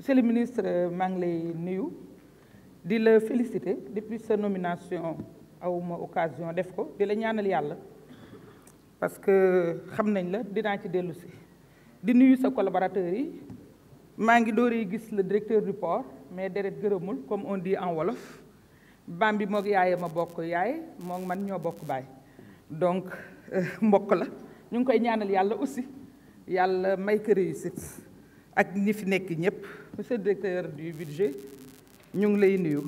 monsieur le ministre maa ngi lay nuyu di la féliciter depuis sa nomination ma occasion def ko di la ñaanal yàlla parce que xam nañ la dinaa ci dellusi di nuyu sa collaborateurs yi maa ngi dooree gis le directeur du port mais deret gërëmul comme on di en wolof baam bi moog yaaye ma bokk yaay moog man ñoo bokk baay donc euh, mbokk la ñu ngi koy ñaanal yàlla aussi yàlla may ko réussite ak ñi fi nekk ñëpp monsieur le directeur du budget ñu ngi lay nuyu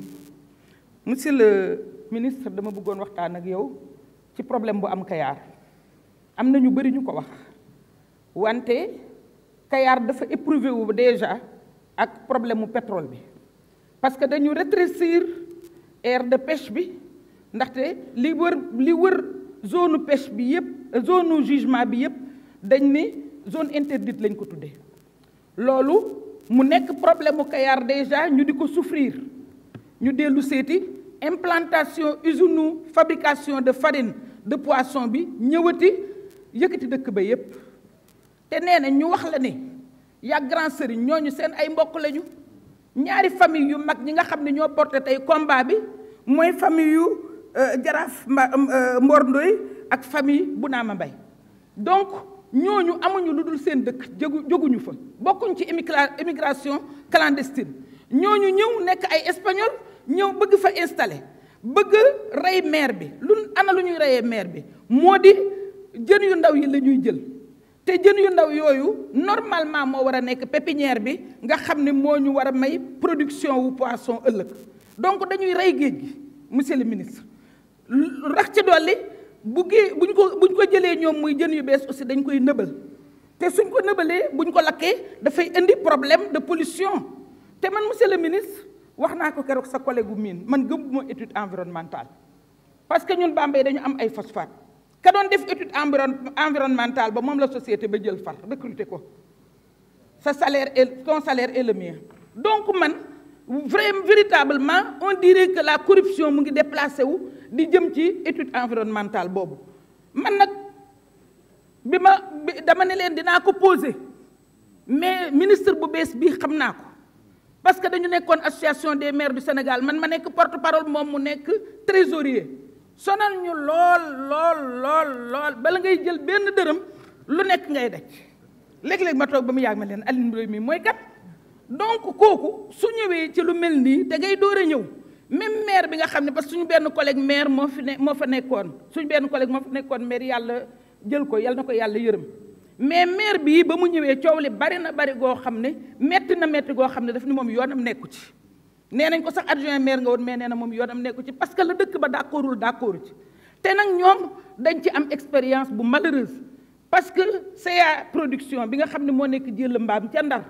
monsieur le ministre dama bëggoon waxtaan ak yow ci problème bu am Kayar am na ñu bëri ñu ko wax wante Kayar dafa éprouvé wu déjà ak problème mu pétrole bi parce que dañu rétrécir aire de pêche bi ndaxte li wër li wër zone pêche bi yëpp zone jugement bi yëpp dañ ni zone interdite lañ ko tuddee loolu mu nekk problème mu Kayar déjà ñu di ko souffrir ñu dellu seeti implantation usine fabrication de farine de poisson bi ñëwati yëkkati dëkk ba yépp te nee na ñu wax la ne yaa grand sëriñ ñooñu seen ay mbokk lañu ñaari famille yu mag ñi nga xam ne ñoo porté tey combat bi mooy famille yu euh, jaraaf Mbor euh, Ndoy ak famille bu Naama Mbay donc ñu amuñu lu dul seen dëkk jógu jóguñu fa bokkuñ ci immigration clandestine ñu ñëw nekk ay espagnol ñëw bëgg fa installé bëgg rey maire bi lu ana lu ñuy reyee maire bi moo di jën yu ndaw yi la ñuy jël te jën yu ndaw yooyu normalement moo war a nekk pépinière bi nga xam ni moo ñu war a may production wu poisson ëllëg donc dañuy rey géej gi monsieur le ministre rax ci dolli bu gée ko bu ñu ko jëlee ñoom muy jën yu bees aussi dañ koy nëbal te suñ ko bu buñ ko lakkee dafay indi problème de pollution te man monsieur le ministre wax naa ko keroog sa collègue gu mine man gëmuma étude environnementale parce que ñun Bambey dañu am ay phosphate ka doon def étude environnementale ba moom la société ba jël far recruter ko sa salaire est ton salaire est donc man vrai véritablement on dire que la corruption mu ngi déplacé wu di jëm ci étude environnementale boobu man nag bi ma bi dama ne leen dinaa ko poser mais ministre bu bees bii xam naa ko parce que dañu nekkoon association des maire bi Sénégal man ma nekk porte parole moom mu nekk trésorier sonal ñu lool lool lool lool bala ngay jël benn dërëm lu nekk ngay daj léeg-léeg ma toog ba mu yàgg ma leen Alioune Ndoye mi mooy kat donc kooku su ñëwee ci lu mel nii te ngay door a ñëw. même maire bi nga xam ne parce suñu benn collègue maire moo fi ne moo fa nekkoon suñu benn collègue moo fa nekkoon maire yàlla jël ko yàlla na ko yàlla yërëm mais maire bii ba mu ñëwee coow li bari na bari goo xam ne metti na metti goo xam ne daf ni moom yoonam nekku ci nee nañ ko sax adjoint maire nga woon mais nee na moom yoonam nekku ci parce que la dëkk ba d'accordul te nag ñoom dañ ci am expérience bu malheureuse parce que CA production bi nga xam ne moo nekk jël mbaam ca ndar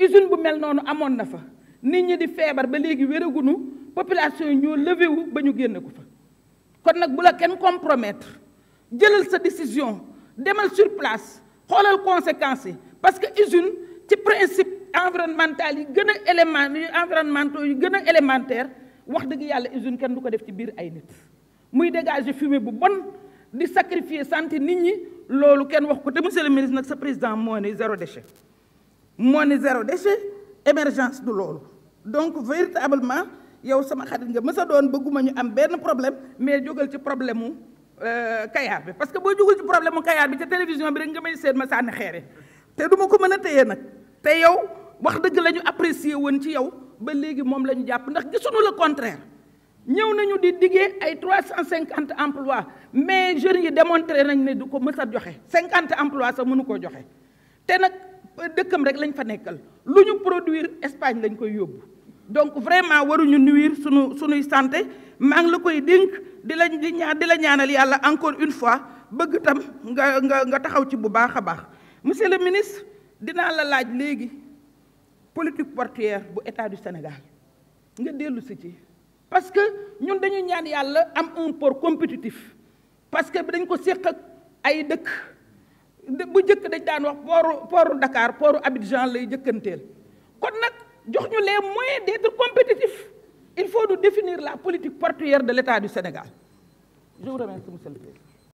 usine bu mel noonu amoon na fa nit ñi di feebar ba léegi wéragunu population yi ñoo levé wu ba ñu génne ko fa kon nag bu la kenn compromettre jëlal sa décision demal sur place xoolal conséquences yi parce que usine ci principe environnemental yi gën a élément environnementaux yu gën a élémentaire wax dëgg yàlla usine kenn du ko def ci biir ay nit muy dégager fumée bu bon di sacrifier santé nit ñi loolu kenn wax ko te monsieur le nag sa président moo ne zéro déchet moo ne zéro déchet émergence du loolu donc véritablement yow sama xarit nga mës a doon bëgguma ñu am benn problème mais jógal ci problème mu euh, kayaar bi parce que boo jógal ci problème mu kayaar bi ca télévision bi rek nga may seet ma sànni xeere te duma ko mën a téye nag te yow wax dëgg la ñu apprécier woon ci yow ba léegi moom la ñu jàpp ndax gisuñu la contraire ñëw nañu di diggee ay trois cent cinquante emplois mais jeunes yi démontré nañ ne du ko mës a joxe cinquante emplois sax mënu koo joxe te nag dëkkam rek lañ fa nekkal lu ñu produire Espagne lañ koy yóbbu donc vraiment waruñu nuire sunu sunuy santé maa ngi la koy dénk di la di ñaan di la ñaanal yàlla encore une fois bëgg tam nga nga nga taxaw ci bu baax a baax monsieur le ministre dinaa la laaj léegi politique portuaire bu état du Sénégal nga dellu si ci parce que ñun dañuy ñaan yàlla am un pour compétitif parce que dañ ko séq ak ay dëkk bu njëkk dañ daan wax pooru pooru Dakar pooru Abidjan lay jëkkanteel jox ñu les moyens d' être il faut nous définir la politique portuaire de l' État du Sénégal je